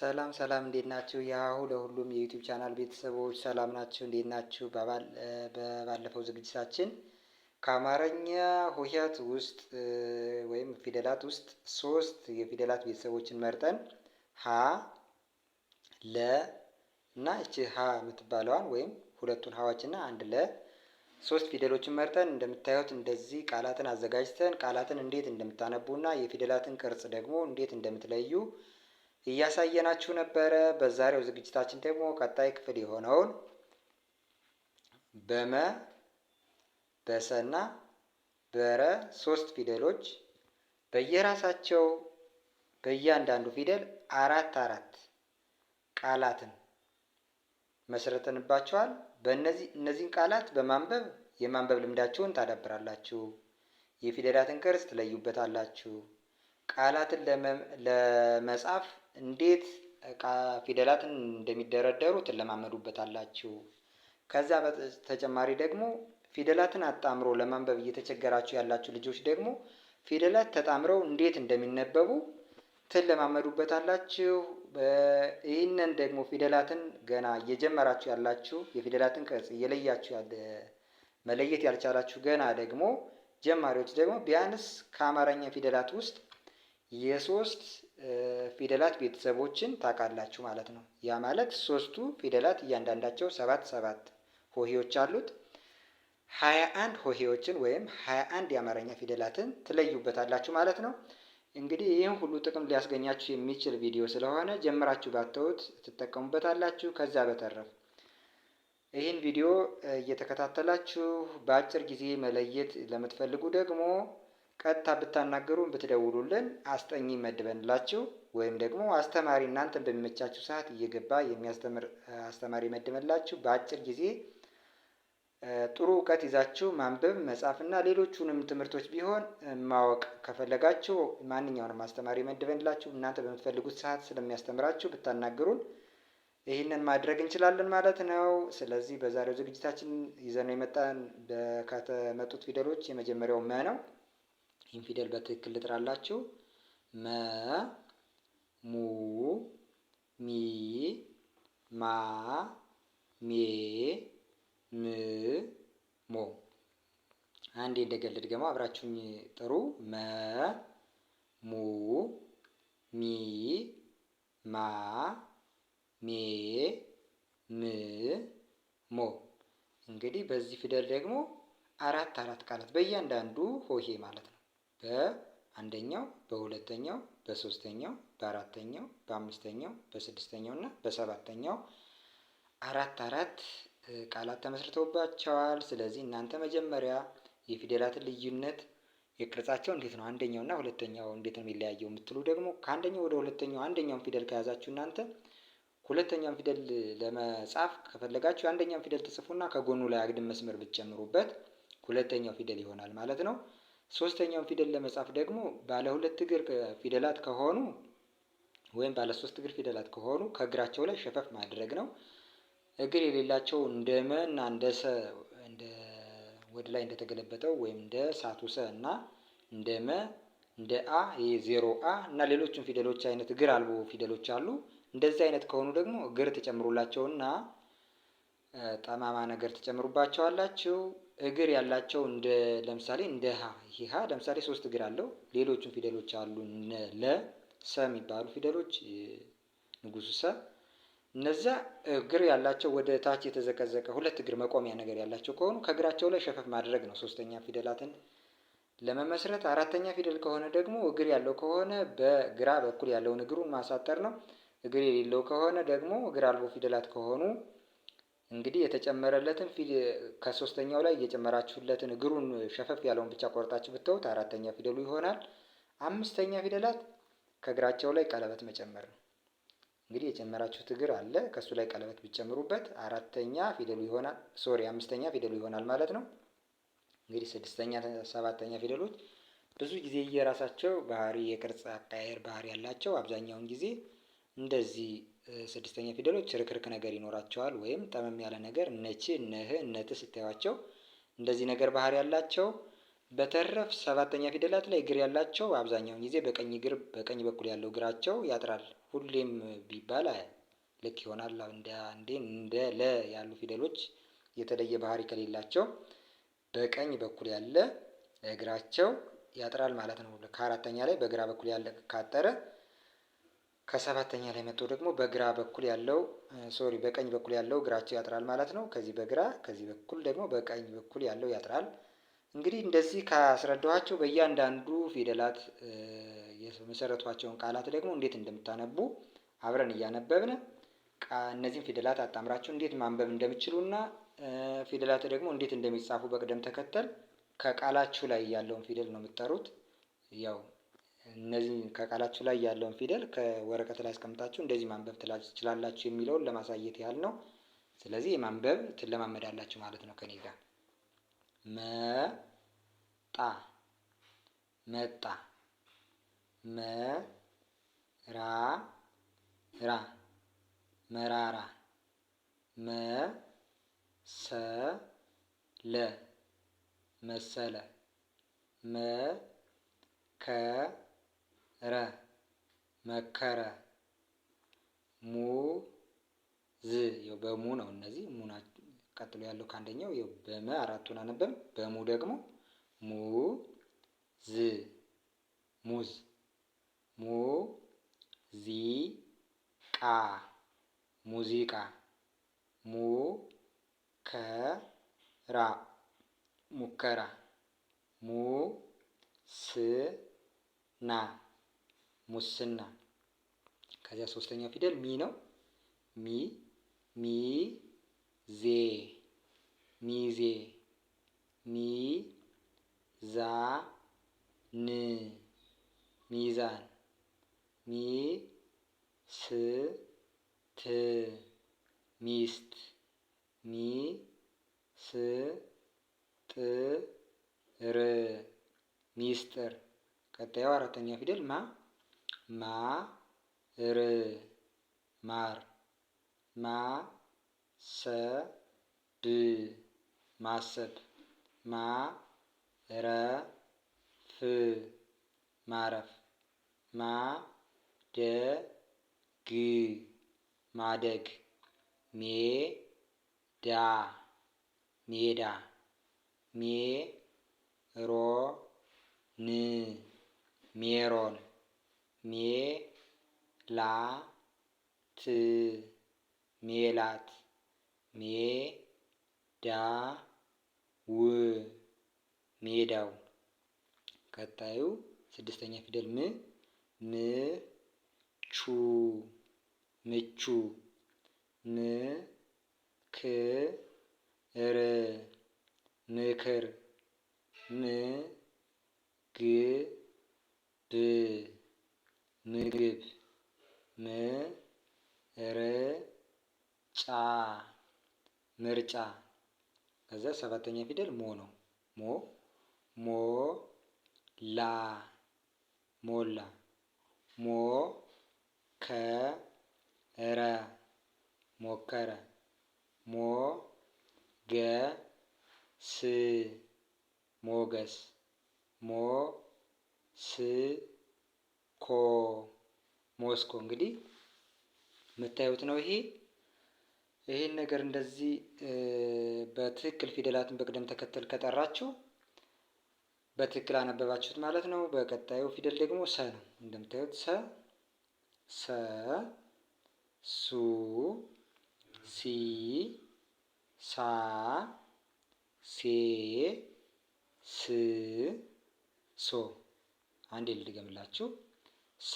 ሰላም ሰላም እንዴት ናችሁ? ያሁ ለሁሉም የዩቲዩብ ቻናል ቤተሰቦች ሰላም ናችሁ? እንዴት ናችሁ? በባለፈው ዝግጅታችን ከአማርኛ ሆሄያት ውስጥ ወይም ፊደላት ውስጥ ሶስት የፊደላት ቤተሰቦችን መርጠን ሀ፣ ለ እና እቺ ሀ የምትባለዋን ወይም ሁለቱን ሀዎች አንድ ለ ሶስት ፊደሎችን መርጠን እንደምታዩት እንደዚህ ቃላትን አዘጋጅተን ቃላትን እንዴት እንደምታነቡ የፊደላትን ቅርጽ ደግሞ እንዴት እንደምትለዩ እያሳየናችሁ ነበረ። በዛሬው ዝግጅታችን ደግሞ ቀጣይ ክፍል የሆነውን በመ በሰና በረ ሶስት ፊደሎች በየራሳቸው በእያንዳንዱ ፊደል አራት አራት ቃላትን መስርተንባቸዋል። በእነዚህ እነዚህን ቃላት በማንበብ የማንበብ ልምዳችሁን ታዳብራላችሁ። የፊደላትን ቅርጽ ትለዩበታላችሁ። ቃላትን ለመጻፍ እንዴት እቃ ፊደላትን እንደሚደረደሩ አላችሁ። ከዛ በተጨማሪ ደግሞ ፊደላትን አጣምሮ ለማንበብ እየተቸገራችሁ ያላችሁ ልጆች ደግሞ ፊደላት ተጣምረው እንዴት እንደሚነበቡ አላችሁ። ይህንን ደግሞ ፊደላትን ገና እየጀመራችሁ ያላችሁ የፊደላትን ቅርጽ እየለያችሁ ያለ መለየት ያልቻላችሁ ገና ደግሞ ጀማሪዎች ደግሞ ቢያንስ ከአማርኛ ፊደላት ውስጥ የሶስት ፊደላት ቤተሰቦችን ታውቃላችሁ ማለት ነው። ያ ማለት ሶስቱ ፊደላት እያንዳንዳቸው ሰባት ሰባት ሆሄዎች አሉት። ሀያ አንድ ሆሄዎችን ወይም ሀያ አንድ የአማርኛ ፊደላትን ትለዩበታላችሁ ማለት ነው። እንግዲህ ይህን ሁሉ ጥቅም ሊያስገኛችሁ የሚችል ቪዲዮ ስለሆነ ጀምራችሁ ባተውት ትጠቀሙበታላችሁ። ከዛ በተረፍ ይህን ቪዲዮ እየተከታተላችሁ በአጭር ጊዜ መለየት ለምትፈልጉ ደግሞ ቀጥታ ብታናገሩን ብትደውሉልን አስጠኝ መድበንላችሁ ወይም ደግሞ አስተማሪ እናንተን በሚመቻችሁ ሰዓት እየገባ የሚያስተምር አስተማሪ መድበንላችሁ በአጭር ጊዜ ጥሩ እውቀት ይዛችሁ ማንበብ መጻፍና ሌሎቹንም ትምህርቶች ቢሆን ማወቅ ከፈለጋችሁ ማንኛውንም አስተማሪ መድበንላችሁ እናንተ በምትፈልጉት ሰዓት ስለሚያስተምራችሁ ብታናግሩን ይህንን ማድረግ እንችላለን ማለት ነው። ስለዚህ በዛሬው ዝግጅታችን ይዘነው የመጣን ከተመጡት ፊደሎች የመጀመሪያው መ ነው። ይህን ፊደል በትክክል ልጥራላችሁ። መ ሙ ሚ ማ ሜ ም ሞ። አንዴ እንደገለድ ገማ አብራችሁኝ ጥሩ። መ ሙ ሚ ማ ሜ ም ሞ። እንግዲህ በዚህ ፊደል ደግሞ አራት አራት ቃላት በእያንዳንዱ ሆሄ ማለት ነው። በአንደኛው በሁለተኛው በሶስተኛው በአራተኛው በአምስተኛው በስድስተኛው እና በሰባተኛው አራት አራት ቃላት ተመስርተውባቸዋል። ስለዚህ እናንተ መጀመሪያ የፊደላትን ልዩነት የቅርጻቸው እንዴት ነው አንደኛው እና ሁለተኛው እንዴት ነው የሚለያየው የምትሉ ደግሞ ከአንደኛው ወደ ሁለተኛው አንደኛውን ፊደል ከያዛችሁ እናንተ ሁለተኛውን ፊደል ለመጻፍ ከፈለጋችሁ የአንደኛውን ፊደል ትጽፉና ከጎኑ ላይ አግድም መስመር ብትጨምሩበት ሁለተኛው ፊደል ይሆናል ማለት ነው። ሶስተኛውን ፊደል ለመጻፍ ደግሞ ባለ ሁለት እግር ፊደላት ከሆኑ ወይም ባለ ሶስት እግር ፊደላት ከሆኑ ከእግራቸው ላይ ሸፈፍ ማድረግ ነው። እግር የሌላቸው እንደ መ እና እንደ ሰ እንደ ወደ ላይ እንደተገለበጠው ወይም እንደ ሰ እና እንደ መ እንደ አ የዜሮ አ እና ሌሎችን ፊደሎች አይነት እግር አልቦ ፊደሎች አሉ። እንደዚህ አይነት ከሆኑ ደግሞ እግር ተጨምሮላቸውና ጠማማ ነገር ተጨምሩባቸዋላችሁ። እግር ያላቸው እንደ ለምሳሌ እንደ ሀ ይሄ ለምሳሌ ሶስት እግር አለው። ሌሎቹም ፊደሎች አሉ እነ ለ ሰ የሚባሉ ፊደሎች ንጉሱ ሰ እነዛ እግር ያላቸው ወደ ታች የተዘቀዘቀ ሁለት እግር መቆሚያ ነገር ያላቸው ከሆኑ ከእግራቸው ላይ ሸፈፍ ማድረግ ነው ሶስተኛ ፊደላትን ለመመስረት። አራተኛ ፊደል ከሆነ ደግሞ እግር ያለው ከሆነ በግራ በኩል ያለውን እግሩን ማሳጠር ነው። እግር የሌለው ከሆነ ደግሞ እግር አልቦ ፊደላት ከሆኑ እንግዲህ የተጨመረለትን ፊ ከሶስተኛው ላይ እየጨመራችሁለትን እግሩን ሸፈፍ ያለውን ብቻ ቆርጣችሁ ብትተውት አራተኛ ፊደሉ ይሆናል። አምስተኛ ፊደላት ከእግራቸው ላይ ቀለበት መጨመር ነው። እንግዲህ የጨመራችሁት እግር አለ፣ ከእሱ ላይ ቀለበት ቢጨምሩበት አራተኛ ፊደሉ ይሆናል። ሶሪ አምስተኛ ፊደሉ ይሆናል ማለት ነው። እንግዲህ ስድስተኛ፣ ሰባተኛ ፊደሎች ብዙ ጊዜ የራሳቸው ባህሪ የቅርጽ አቀያየር ባህሪ ያላቸው አብዛኛውን ጊዜ እንደዚህ ስድስተኛ ፊደሎች ርክርክ ነገር ይኖራቸዋል ወይም ጠመም ያለ ነገር ነች፣ እነህ እነት ስታያቸው እንደዚህ ነገር ባህሪ ያላቸው። በተረፍ ሰባተኛ ፊደላት ላይ እግር ያላቸው አብዛኛውን ጊዜ በቀኝ እግር በቀኝ በኩል ያለው እግራቸው ያጥራል። ሁሌም ቢባል ልክ ይሆናል። እንዴ እንደ ለ ያሉ ፊደሎች የተለየ ባህሪ ከሌላቸው በቀኝ በኩል ያለ እግራቸው ያጥራል ማለት ነው። ከአራተኛ ላይ በግራ በኩል ያለ ካጠረ ከሰባተኛ ላይ መጥቶ ደግሞ በግራ በኩል ያለው ሶሪ በቀኝ በኩል ያለው እግራቸው ያጥራል ማለት ነው። ከዚህ በግራ ከዚህ በኩል ደግሞ በቀኝ በኩል ያለው ያጥራል። እንግዲህ እንደዚህ ካስረዳኋቸው በእያንዳንዱ ፊደላት የመሰረቷቸውን ቃላት ደግሞ እንዴት እንደምታነቡ አብረን እያነበብን እነዚህን ፊደላት አጣምራችሁ እንዴት ማንበብ እና ፊደላት ደግሞ እንዴት እንደሚጻፉ በቅደም ተከተል ከቃላችሁ ላይ ያለውን ፊደል ነው የምትጠሩት ያው እነዚህ ከቃላችሁ ላይ ያለውን ፊደል ከወረቀት ላይ አስቀምጣችሁ እንደዚህ ማንበብ ትችላላችሁ የሚለውን ለማሳየት ያህል ነው። ስለዚህ የማንበብ ትለማመዳላችሁ ማለት ነው ከኔ ጋር። መጣ መጣ መራራ መራራ መሰለ መሰለ መከ ረ መከረ ሙ ዝ በሙ ነው። እነዚህ ሙ ቀጥሎ ያለው ከአንደኛው በመ አራቱን አነበብን። በሙ ደግሞ ሙ ዝ ሙዝ ሙ ዚ ቃ ሙዚቃ ሙ ከ ራ ሙከራ ሙ ስ ና ሙስና። ከዚያ ሶስተኛው ፊደል ሚ ነው። ሚ ሚ ዜ ሚዜ ሚ ዛ ን ሚዛን ሚ ስ ት ሚስት ሚ ስ ጥ ር ሚስጥር። ቀጣዩ አራተኛ ፊደል ማ ማ ር ማር ማ ሰ ብ ማሰብ ማ ረ ፍ ማረፍ ማ ደ ግ ማደግ ሜ ዳ ሜዳ ሜ ሮ ን ሜሮን ሜላት ሜላት ሜዳው ሜዳው ቀጣዩ ስድስተኛ ፊደል ም ም ቹ ምቹ ም ክ ር ምክር ም ግ ብ ምግብ ምርጫ ምርጫ ከዛ ሰባተኛ ፊደል ሞ ነው። ሞ ሞ ላ ሞላ ሞ ከ ረ ሞከረ ሞ ገ ስ ሞገስ ሞ ስ ኮ ሞስኮ እንግዲህ የምታዩት ነው ይሄ ይሄን ነገር እንደዚህ በትክክል ፊደላትን በቅደም ተከተል ከጠራችሁ በትክክል አነበባችሁት ማለት ነው። በቀጣዩ ፊደል ደግሞ ሰ ነው። እንደምታዩት ሰ፣ ሰ፣ ሱ፣ ሲ፣ ሳ፣ ሴ፣ ስ፣ ሶ። አንዴ ልድገምላችሁ። ሰ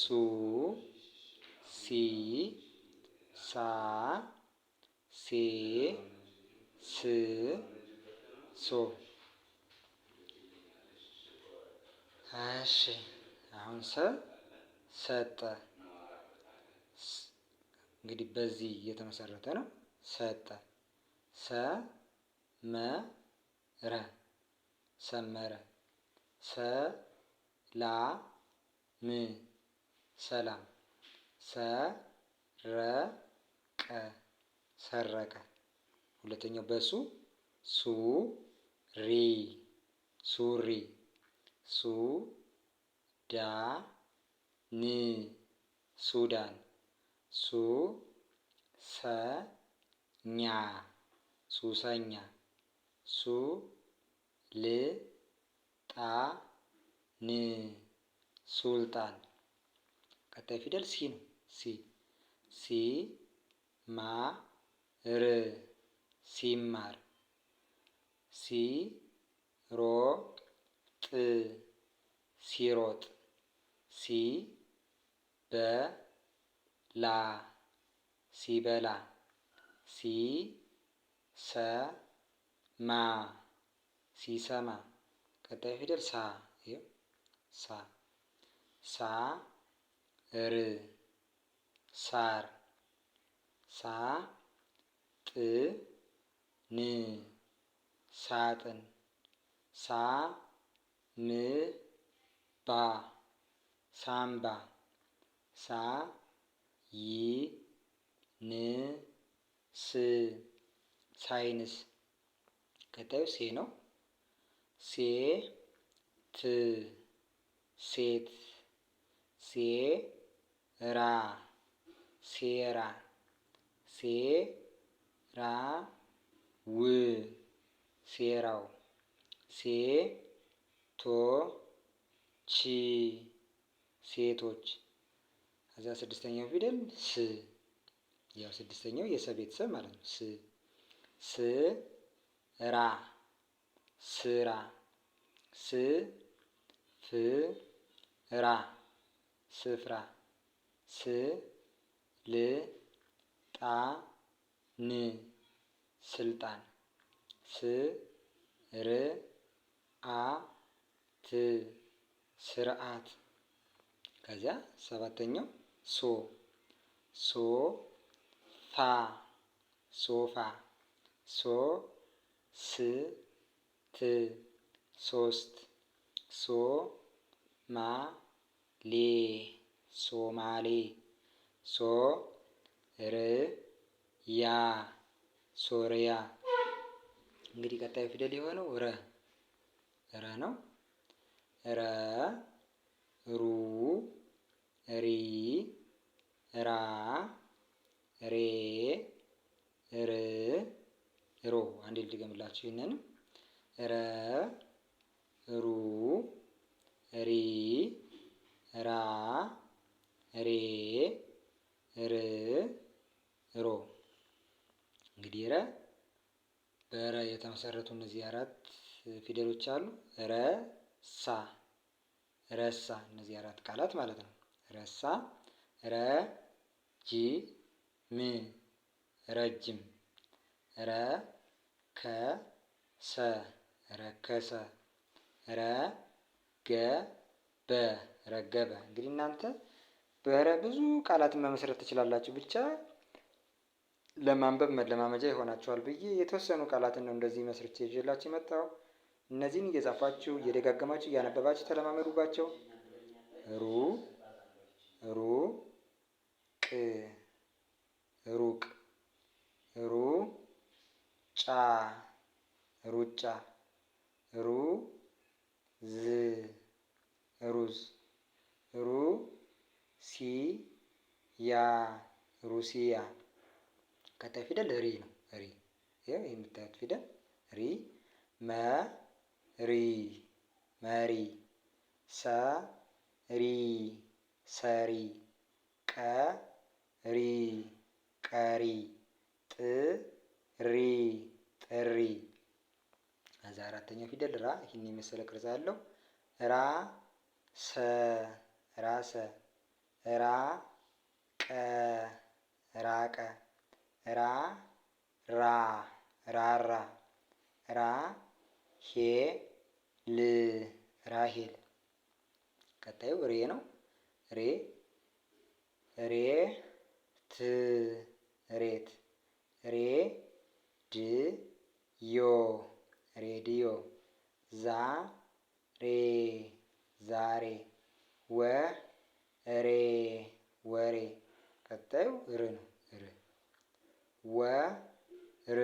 ሱ ሲ ሳ ሴ ስ ሶ። እሺ አሁን ሰ ሰጠ። እንግዲህ በዚህ እየተመሰረተ ነው። ሰጠ ሰመረ ሰመረ ላ ም ሰላም ሰረቀ ሰረቀ። ሁለተኛው በሱ ሱ ሪ ሱሪ ሱ ዳ ን ሱዳን ሱ ሰ ኛ ሱሰኛ ሱ ል ጣ ni sultan. Kata Fidel sin si si ma re simar si ro t sirot si ba la si bela si sa ma si sama kata Fidel sa ሳ ሳ ር ሳር ሳ ጥ ን ሳጥን ሳ ም ባ ሳምባ ሳ ይ ን ስ ሳይንስ ቀጣዩ ሴ ነው። ሴ ት ሴት ሴራ ሴራ ሴራ ው ሴራው ሴ ቶ ቺ ሴቶች ከዛ ስድስተኛው ፊደል ስ ያው ስድስተኛው የሰ ቤተሰብ ማለት ነው። ስ ስ ራ ስራ ስ ፍ ራ ስፍራ ስ ል ጣ ን ስልጣን ስ ር አ ት ስርዓት። ከዚያ ሰባተኛው ሶ ሶ ፋ ሶፋ ሶ ስ ት ሶስት ሶ ማ ሌ ሶማሌ ሶ ር ያ ሶርያ እንግዲህ ቀጣዩ ፊደል የሆነው ረ ረ ነው። ረ ሩ ሪ ራ ሬ ር ሮ አንዴ ልድገምላችሁ ይህንን ረ ሩ ሪ ራ ሬ ር ሮ እንግዲህ ረ በረ የተመሰረቱ እነዚህ አራት ፊደሎች አሉ። ረ ሳ ረሳ እነዚህ አራት ቃላት ማለት ነው። ረሳ ረ ጂ ም ረጅም ረ ከ ሰ ረከሰ ረ ገ ረገበ እንግዲህ እናንተ በረ ብዙ ቃላትን መመስረት ትችላላችሁ። ብቻ ለማንበብ መለማመጃ ይሆናችኋል ብዬ የተወሰኑ ቃላትን ነው እንደዚህ መስርቼ ይዤላችሁ የመጣው። እነዚህን እየጻፋችሁ እየደጋገማችሁ እያነበባችሁ ተለማመዱባቸው። ሩ ሩ ቅ ሩቅ ሩ ጫ ሩጫ ሩ ዝ ሩዝ ሩ ሲ ያ ሩሲያ ከታይ ፊደል ሪ ነው። ሪ የምታዩት ፊደል ሪ መ ሪ መሪ ሰ ሪ ሰሪ ቀ ሪ ቀሪ ጥ ሪ ጥሪ። ከዛ አራተኛው ፊደል ራ ይህን የመሰለ ቅርጽ አለው ራ ሰ ራሰ ራ ቀ ራቀ ራ ራ ራራ ራ ሄ ል ራሄል ቀጣዩ ሬ ነው። ሬ ሬ ት ሬት ሬ ድ ዮ ሬዲዮ ዛ ሬ ዛሬ ወ ሬ ወሬ ቀጣዩ ር ነው። ር ወ ር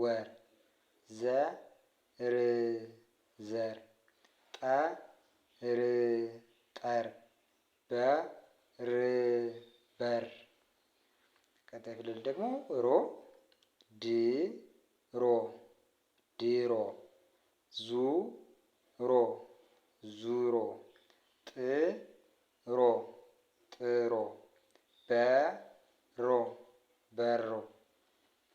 ወር ዘ ር ዘር ጠ ር ጠር በ ር በር ቀጣይ ፊደል ደግሞ ሮ ድ ሮ ድሮ ዙ ሮ ዙሮ ጥሮ ጥሮ በሮ በሮ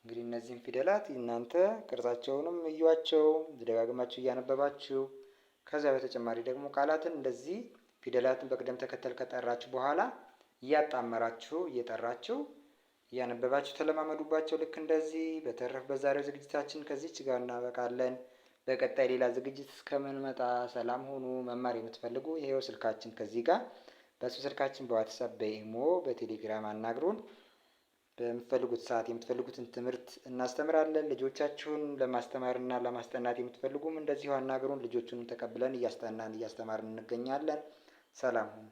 እንግዲህ እነዚህን ፊደላት እናንተ ቅርጻቸውንም እዩዋቸው ደጋግማችሁ እያነበባችሁ ከዚያ በተጨማሪ ደግሞ ቃላትን እንደዚህ ፊደላትን በቅደም ተከተል ከጠራችሁ በኋላ እያጣመራችሁ እየጠራችሁ እያነበባችሁ ተለማመዱባቸው። ልክ እንደዚህ። በተረፍ በዛሬው ዝግጅታችን ከዚች ጋር እናበቃለን። በቀጣይ ሌላ ዝግጅት እስከምንመጣ ሰላም ሆኑ። መማር የምትፈልጉ ይሄው ስልካችን ከዚህ ጋር በሱ ስልካችን በዋትሳፕ በኢሞ በቴሌግራም አናግሩን። በምትፈልጉት ሰዓት የምትፈልጉትን ትምህርት እናስተምራለን። ልጆቻችሁን ለማስተማርና ለማስጠናት የምትፈልጉም እንደዚሁ አናግሩን። ልጆቹንም ተቀብለን እያስጠናን እያስተማርን እንገኛለን። ሰላም ሁኑ።